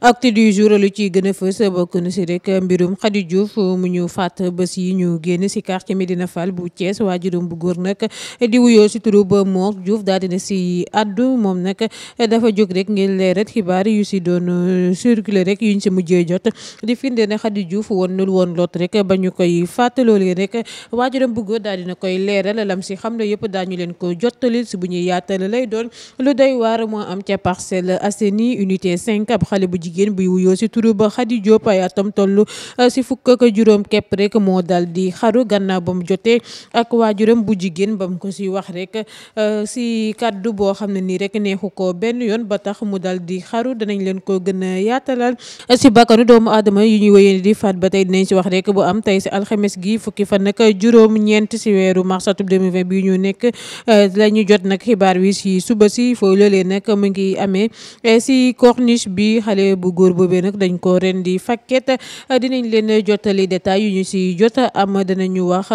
acte du jour lu ciy gën a fës bokk na si rek mbirum Khady Diouf mu ñu fàtt bés yi ñu génn si quartier Medina Fall bu Thiès waajuram bu góor nag di wuyoo si turu ba Mor Diouf daal dina si addu moom nag dafa jóg rek ngir leeral xibaar yu si doon circuler rek yu yuñ si mujjee jot di firnde ne Khady Diouf wonul woon lot rek ba ñu koy fàtt loolee rek waajuram bu góor daal dina koy leeral lam si xam ne yëpp daañu leen ko jottali si bu ñuy yaatal lay doon lu doy waar jigéen bi wuyoo si turu ba Khady Diop ay atam si eh, fukk ak juróom kepp rek moo dal di xaru gannaa ba mu jotee ak waajuram bu jigéen ba mu ko si wax rek si eh, kaddu boo xam ne nii rek neexu ko benn yoon ba tax mu dal di xaru danañ leen ko gën a yaatalal si eh, bakkanu doomu adama yi ñuy wéyee di faat ba tey dinañ si wax rek bu am tey si alxames gi fukki fan nag juróom-ñeent si weeru mars atum 2020 bi ñu nekk la ñu jot nag xibaar wi si suba si foo loolee bu góor boobee nag dañ ko ren di fakket dinañ leen jottali détails yu ñu si jot am danañu wax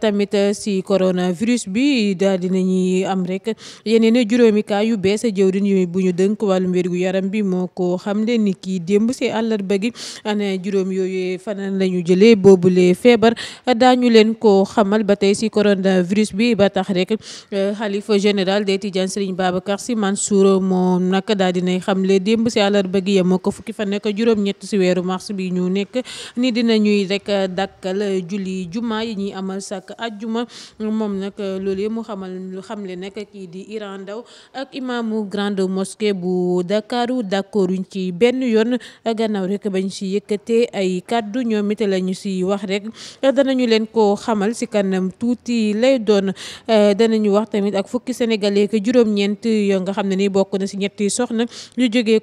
tamit si coronavirus bi daal dinañuy am rek yeneen juróomi yu bees jëwriñ yi bu ñu dënk wàllum wér gu yaram bi moo ko xamle ni kii démb si àllarba gi ana juróom yooyu fanaan la ñu jëlee boobule feebar daañu leen ko xamal ba tey si coronavirus bi ba tax rek eh, xalifa général des Tidianes Serigne Babacar Sy Mansour moom nag daal dinay xamle démb si àllarba gi jàmm ko fukki fan nekk juróom-ñett si weeru mars bi ñu nekk ni dina ñuy rek dakkal julli juma yi ñuy amal sak ajjuma moom nag loolu yëpp mu xamal lu xamle nag kii di Iran Ndaw ak imaamu grande mosquée bu Dakaru d'accord yuñ ci benn yoon gannaaw rek bañ si yëkkatee ay kaddu ñoom it la ñu si wax rek danañu leen ko xamal si kanam tuuti lay doon danañu wax tamit ak fukki sénégalais ak juróom-ñeent yoo nga xam ne ni bokk na si ñetti soxna yu jógee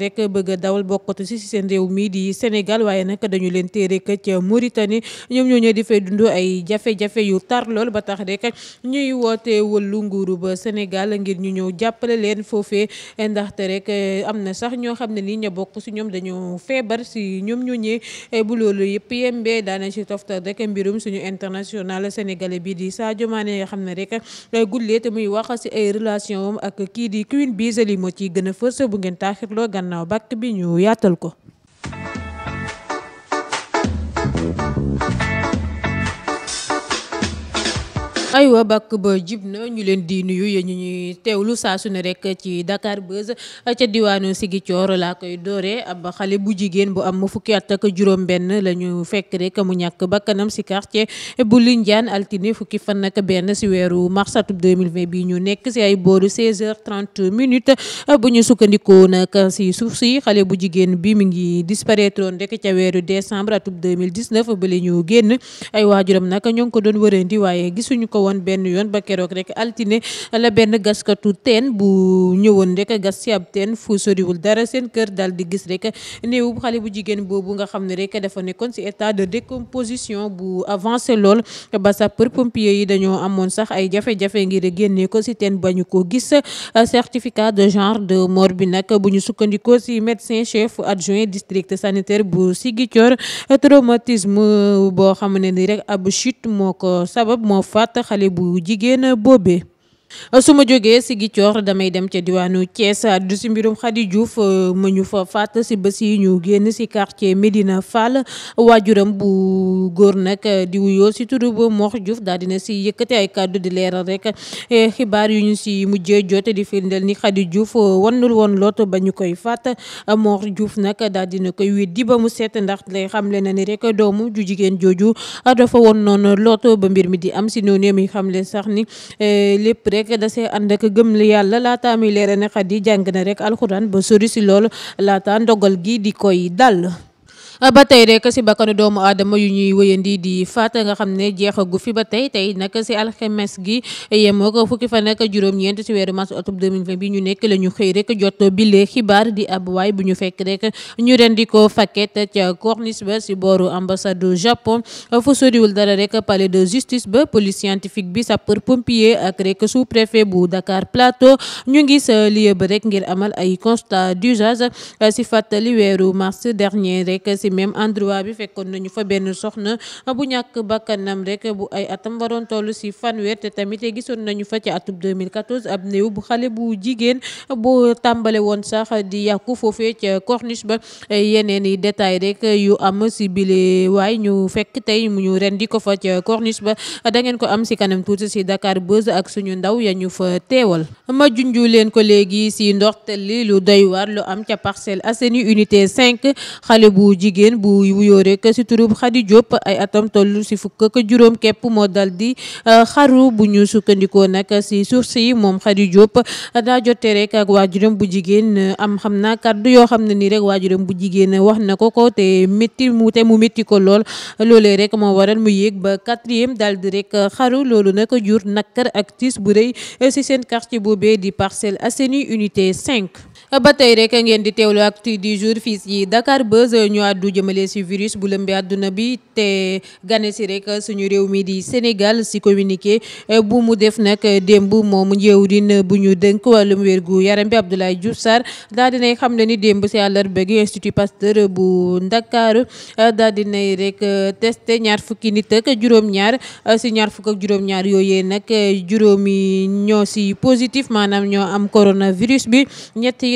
rek bëgg a dawal bokkatu si seen réew mii di Sénégal waaye nag dañu leen téye rek ca Mauritanie ñoom ñoo ñëw di fay dund ay jafe-jafe yu tar lool ba tax rek ñuy woote wëllu nguuru ba Sénégal ngir ñu ñëw jàppale leen foofee ndaxte rek eh, am na sax ñoo xam ne nii ña bokk si ñoom dañoo feebar si ñoom ñoo ñëwee eh, bu loolu yëpp yembee daana si toftal rek mbirum suñu international sénégalais bi di Sadio Mané xam ne rek eh, gullee te muy wax ay relation a fës bu gannaaw bàkk bi ñu yaatal ko aywa bakk ba jib ñu leen di nuyu yéen ñu ñuy teewlu saa su ne rek ci Dakar Buzz ca diwaanu Sigicoor laa koy doore ab xale bu jigéen bu am fukki at ak juróom-benn la ñu fekk rek mu ñàkk bakkanam si quartier bu Lindiane altine fukki fan ak benn si weeru mars atub 2020 bi ñu nekk si ay booru 16h30 minutes bu ñu sukkandikoo nag si suuf si xale bu jigéen bi mu ngi disparaître woon rek ca weeru décembre atub 2019 ba la ñu génn ay waajuram nag ñoo ngi ko doon wërandi waaye gisuñu ko. ko woon benn yoon ba keroog rek altine la benn gaskatu teen bu ñëwoon rek gas ci ab teen fu soriwul dara seen kër daal di gis rek néewu xale bu jigéen boobu nga xam ne rek dafa nekkoon ci état de décomposition bu avancé lool ba sapeur pompier yi dañoo amoon sax ay jafe-jafe ngir génnee ko ci teen bañu ko gis certificat de genre de mort bi nag bu ñu sukkandikoo ci médecin chef adjoint district sanitaire bu Ziguinchor traumatisme boo xam ne ni rek xale bu jigéen boobee. su ma jógee si Ziguinchor damay dem ca diwaanu cees addu si mbirum Khady juuf ma ñu fa fàtt si bés yi ñu génn si quartier Médina Fall waajuram bu góor nag di wuyoo si turu bu Mor Diouf daal dina si yëkkati ay kàddu di leeral rek eh, xibaar yu ñu si mujjee joote di firndeel ni Khady Diouf eh, wannul woon loot ba ñu koy faat Mor juuf nag daal dina koy weddi ba mu seet ndax lay xamle na ni rek doomu ju jigéen jooju dafa woon noonu loot ba mbir mi di am si noonu muy xamle sax ni eh, rek dasee ànd ak gëm li yàlla laata muy leere ne xadi jàng na rek alxuraan ba sori si lool laata ndogal gii di koy dal Ah, ba tey rek si bakkanu doomu aadama yu ñuy wëyandi di faat nga xam ne jeexagu fi ba tey tey nag si alxemes gi yemoo ko fukki fan nekk juróom-ñeent si weeru mars atum 2020 bi ñu nekk la ñu xëy rek jot bile xibaar di ab waay bu ñu fekk rek ñu ren di ko fakket ca corniche ba si booru ambassade du Japon fu soriwul dara rek palais de justice ba police scientifique bi sapeur pompier ak rek sous préfet bu Dakar Plateau ñu ngi sa lieu ba rek ngir amal ay constat d'usage si fàttali weeru mars dernier ci même endroit bi fekkoon nañu fa benn soxna bu ñàkk bakkanam rek bu ay atam waroon toll si fanweer te tamit gisoon nañu fa ci atub 2014 ab néew bu xale bu jigéen boo tàmbale woon sax di yàqu foofee ca corniche ba yeneen i détail rek yu am si bile waay ñu fekk tey mu ñu ren di ko fa ca ba da ngeen ko am si kanam tuuti si Dakar Buzz ak suñu ndaw ya ñu fa teewal ma junju leen ko léegi si ndox li lu doy waar lu am ca Parcelles Assainies unité 5 xale bu jigéen jigéen bu wuyoo rek si turub Khady Diop ay atam toll si fukk ak juróom képp moo dal di euh, xaru bu ñu sukkandikoo nag si source yi moom Khady Diop daa jote rek ak waajuram bu jigéen am xam naa kàddu yoo xam ne nii rek waajuram bu jigéen wax na ko ko te métti mu te mu métti ko lool loolee rek moo waral mu yéeg ba quatrième daal di rek xaru loolu nag jur nakkar ak tiis bu rëy si seen quartier boobee di Parcelles Assainies unité cinq ba tey rek ngeen di teewlu actu di jour fii ci Dakar Buzz ñu àddu jëmale ci virus bu lëmbee àdduna bi te gane ci rek suñu réew mi di Sénégal si communiqué bu mu def nag démb moom njëwriñ bu ñu dënk wàllum wér gu yaram bi Abdoulaye Diouf Sarr daal dinay xam ne ni démb ci àllarba gi Institut Pasteur bu Ndakaaru daal dinay rek testé ñaar fukki nit ak juróom-ñaar ci ñaar fukk ak juróom-ñaar yooyee nag juróomi ñoo si positif maanaam ñoo am coronavirus bi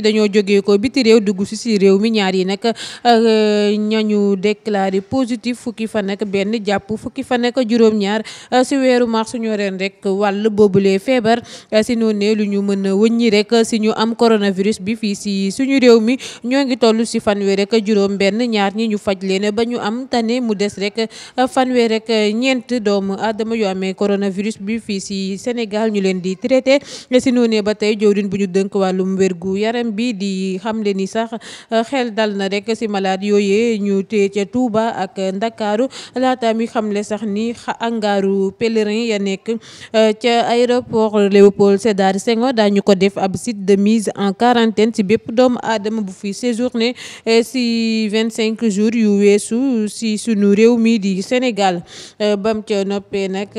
dañoo jógee ko biti réew dugg si si réew mi ñaar yi nag euh, ñañu déclaré positif fukki fan ak benn jàpp fukki fan ak juróom-ñaar euh, si weeru mars ñoo rek wàll boobulee feebar euh, si noonu lu ñu mën a wëññi rek si ñu am coronavirus bi fii si suñu réew mi ñoo ngi toll si fanweer rek juróom benn ñaar ñi ñu faj leen ba ñu am tane mu des rek fanweer rek ñeent doomu adama yu amee coronavirus bi fii si Sénégal ñu leen di traité si noonu ba tey jëwriñ bu ñu dënk wàllum wérgu yaram bi di xamle ni sax euh, xel dal na rek si malade yooyee ñu téye ca Touba ak Ndakaaru laata mi xamle sax ni angaaru pèlerin ya nekk euh, ca aéroport Léopold Sédar daa ñu ko def ab site de mise en quarantaine si bépp doom aadama bu fi séjourné si euh, cinq jour yu weesu si sunu réew mi di Sénégal bam ca noppee nag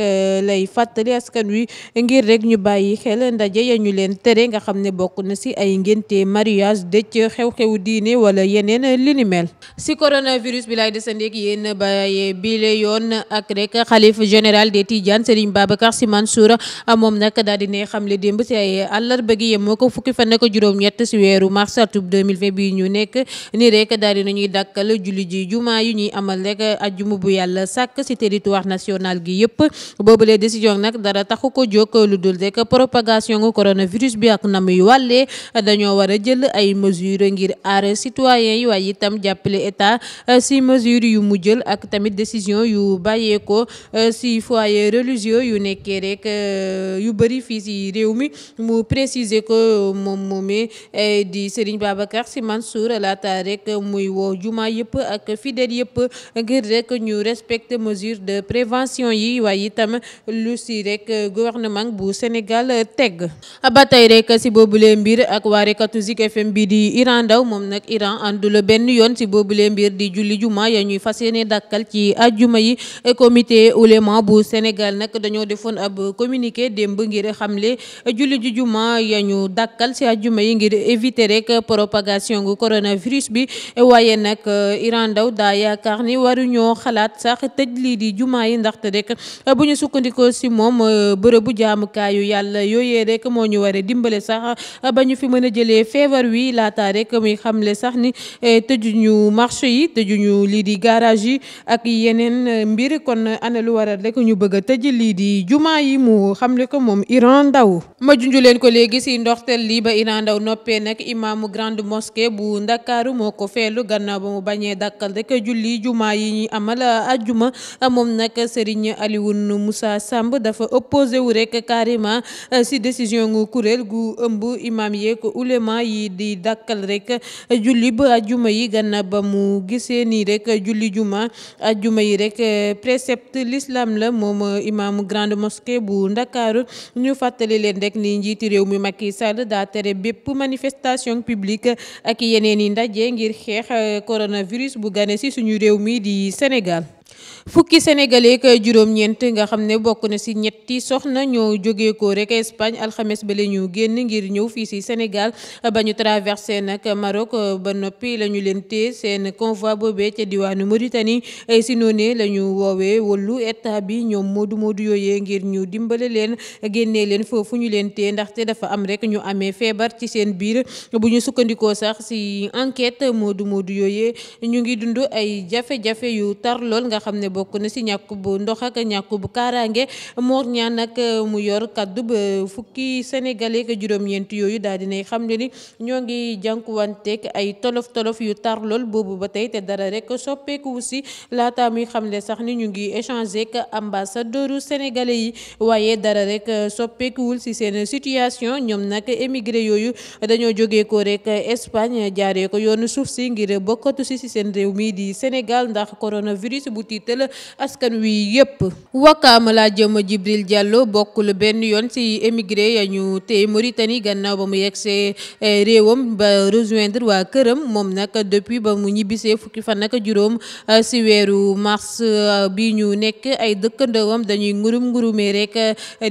lay fàttali askan wi ngir rek ñu bàyyi xel ndaje ya ñu leen tere nga xam ne bokk na si ay ngénte ay mariage dëj xew-xewu diine wala yeneen li ni mel si coronavirus bi lay desandeeg yéen baye bile yoon ak rek xalif général des Tidiane Serigne Babacar Sy Mansour moom nag daal di ne xamle démb si ay àllarba gi yem moo ko fukki fan ak juróom-ñett si weeru mars atub 2020 bi ñu nekk ni rek daal di nañuy dàkkal julli ji jumaa yu ñuy amal rek ajjuma bu yàlla sàkk si territoire national gi yëpp boobulee décision nag dara taxu ko jóg lu dul rek a a jël ay mesures ngir aar citoyens yi waaye itam jàppale état euh, si mesures yu mu jël ak tamit décision yu bàyyeekoo euh, si foyer religieux yu nekkee rek euh, yu bëri fii si réew mi mu préciser ko moom moomee di Serigne Babacar Sy Mansour laata rek muy woo juma yëpp ak fidèles yëpp ngir rek ñu respecter mesures de prévention yi waay itam lu si rek gouvernement bu Sénégal teg ba rek si boobule mbir ak waarekatu Zik FM bi di Iran Ndaw moom nag Iran àndul benn yoon si boobu lee mbir di julli juma ya ñuy fas yéene dakkal ci ajjuma yi comité ouléma bu Sénégal nag dañoo defoon ab communiqué démb ngir xam xamle julli ju juma ya ñu dàkkal ci ajjuma yi ngir éviter rek propagation gu coronavirus bi waaye nag eh, Iran Ndaw daa yaakaar ni waruñoo xalaat sax tëj lii di juma yi ndaxte rek bu ñu sukkandikoo ci moom eh, bërëbu jaamukaayu yàlla yooyee rek moo ñu war a feebar wi laata rek muy xamle sax ni eh, tëjuñu marché yi tëjuñu lii di garage yi ak yeneen eh, mbir kon ana lu waral rek ñu bëgg a tëj lii di juma yi mu xamle ko moom Iran Ndaw ma junju leen ko léegi si ndoxteel lii ba Iran Ndaw noppee nag imaamu grande bu Ndakaaru moo ko feelu gannaaw ba mu bañee dàkkal rek julli yi ñuy amal ajjuma moom nag Serigne Alioune Moussa dafa opposé wu rek si décision gu gu ëmb imaam yeeg ulema musulman yi di dakkal rek julli ba ajjuma yi ganna ba mu gisee nii rek julli juma ajjuma yi rek eh, précepte l'islam la moom imaamu grande mosquée bu ndakaaru ñu fàttali leen rek ni njiiti réew mi Macky Sall daa tere bépp manifestation publique ak yeneen yi ndaje ngir xeex eh, coronavirus bu gane si suñu réew mi di Sénégal fukki sénégalais ak juróom-ñeent nga xam ne bokk na si ñetti soxna ñoo jógee ko rek Espagne alxemes ba la ñu génn ngir ñëw fii si Sénégal ba ñu traversé nag Maroc euh, ba noppi la ñu leen téye seen convoi boobee ca diwaanu Mauritanie ci noonee la ñu woowee wàllu état bi ñoom moodu moodu yooyee ngir ñu dimbale leen génnee leen foofu ñu leen téye ndaxte dafa am rek ñu amee feebar ci seen biir bu ñu sukkandikoo sax ci enquête moodu moodu yooyee ñu ngi dund ay jafe-jafe yu tar nga xam bokk na si ñàkk bu ndox ak ñàkk bu kaaraange Mor Niang nag eh, mu yor kaddu ba fukki sénégalais ak juróom-ñeent yooyu daal dinay xam ne ni ñoo ngi jànkuwanteeg ay tolof tolof yu tar lool boobu ba tey te dara rek soppeeku si laata muy xamle sax ni ñu ngi échanger ak ambassadeuru sénégalais yi waaye dara rek eh, soppeekuwul si seen situation ñoom nag émigré yooyu dañoo jógee ko rek Espagne jaaree ko yoonu suuf si ngir bokkatu si seen réew mii di Sénégal ndax coronavirus bu tiital yitteel askan wi yëpp wakkaama laa jëm Jibril Diallo bokkul benn yoon ci émigré ya ñu te Mauritanie gannaaw ba mu yegsee eh, réewam ba rejoindre waa këram moom nag depuis ba mu ñibbisee fukki fan nag juróom si eh, weeru mars eh, bi ñu nekk ay dëkkandawam dañuy ngurum ngurumee rek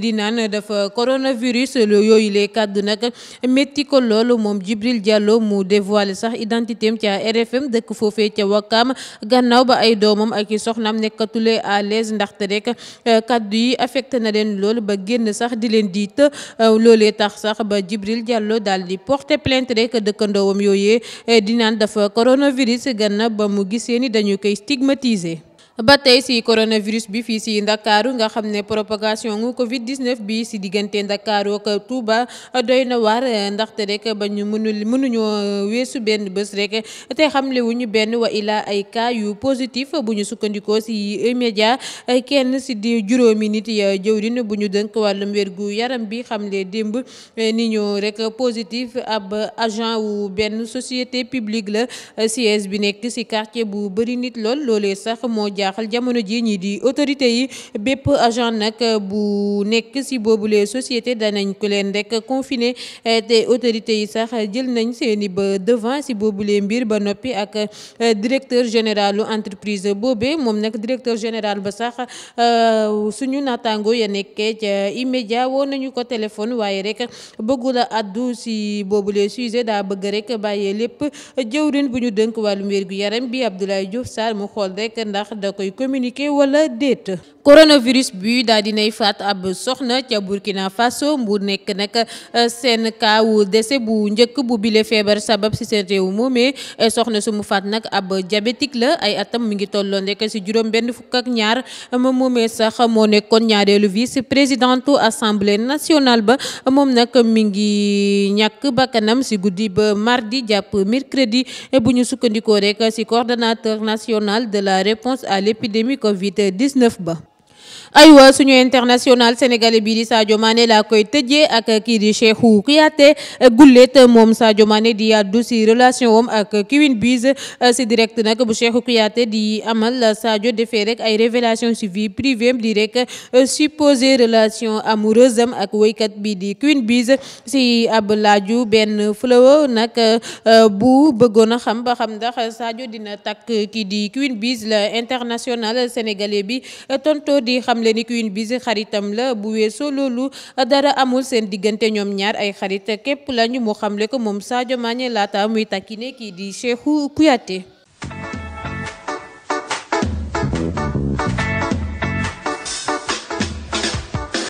di naan dafa coronavirus yooyu lee kàddu nag métti ko loolu moom Jibril jàlloo mu dévoilé sax identité am ca RFM dëkk foofee ca Wakam gannaaw ba ay doomam ak i soxnaam nekkatule à l'aise ndaxte rek euh, kaddu yi affecté na leen loolu ba génn sax di leen di diit euh, loolee tax sax ba Jibril Diallo daal di porter plainte rek dëkkandoowam yooyee euh, di naan dafa coronavirus ganna ba mu gisee ni dañu koy stigmatiser. ba tey si coronavirus bi fii si ndakaaru nga xam ne propagation gu Covid 19 bi si diggante ndakaaroo ak Touba doy na waar ndaxte rek ba ñu mënul mënuñoo weesu benn bés rek te xamle wuñu benn wa ilaa ay cas yu positif bu ñu sukkandikoo si média kenn si di juróomi nit ya jëwrin bu ñu dënk wàllum wér gu yaram bi xamle démb ni ñu rek positif ab agent wu benn société publique la siège bi nekk si quartier bu bëri nit lool loolee sax moo jaaxal jamono ji ñi di autorité yi bépp agent nag bu nekk si boobulee société danañ ko leen rekk confiné te autorité yi sax jël nañ seeni ba devant boobu boobulee mbir ba noppi ak euh, directeur général entreprise boobee moom nag directeur général ba sax euh, suñu naataango ya nekkee ca immédiat woo nañu ko téléphone waaye rek bëggula addu si boobule sujet daa bëgg rek bàyyee lépp jëwrin bu ñu dënk wàllum wér gu yaram bi Abdoulaye Diouf Sarr mu xool koy communiquer wala déet coronavirus bi daal dinay faat ab soxna ca Burkina Faso mu nekk nag e, seen kaawu dese bu njëkk bu bile feebar sabab si seen réew moomee e, soxna su mu faat nag ab diabétique la ay atam mu ngi tolloon rek si juróom benn fukk ak ñaar e, moom moomee sax moo nekkoon ñaareelu vice présidente assemblée nationale ba moom nag mi ngi ñàkk bakkanam si guddi ba mardi jàpp mercredi bu ñu sukkandikoo rek si coordonnateur national de l'épidémie Covid-19 ba aywa suñu international sénégalais bii di Sadio Mané la koy tëjee ak kii di Cheikhou Kouyaté gullet moom Sadio Mané di yàddu si relation wam ak Queen Biz si direct nag bou Cheikhou Kouyaté di amal Sadio defee rek ay révélation si vie privée di rek supposé relation amoureuse am ak woykat bi di Queen Biz si ab laaju benn flow nag euh, bu bëggoon a xam ba xam ndax Sadio dina takk kii di Queen Biz la international sénégalais bi tonto di xamle ni Queen Biz xaritam la bu weesoo loolu dara amul seen diggante ñoom ñaar ay xarit képp lañu mu xamle ko moom Sadio Mané laata muy takkine kii di Cheikhou Kouyaté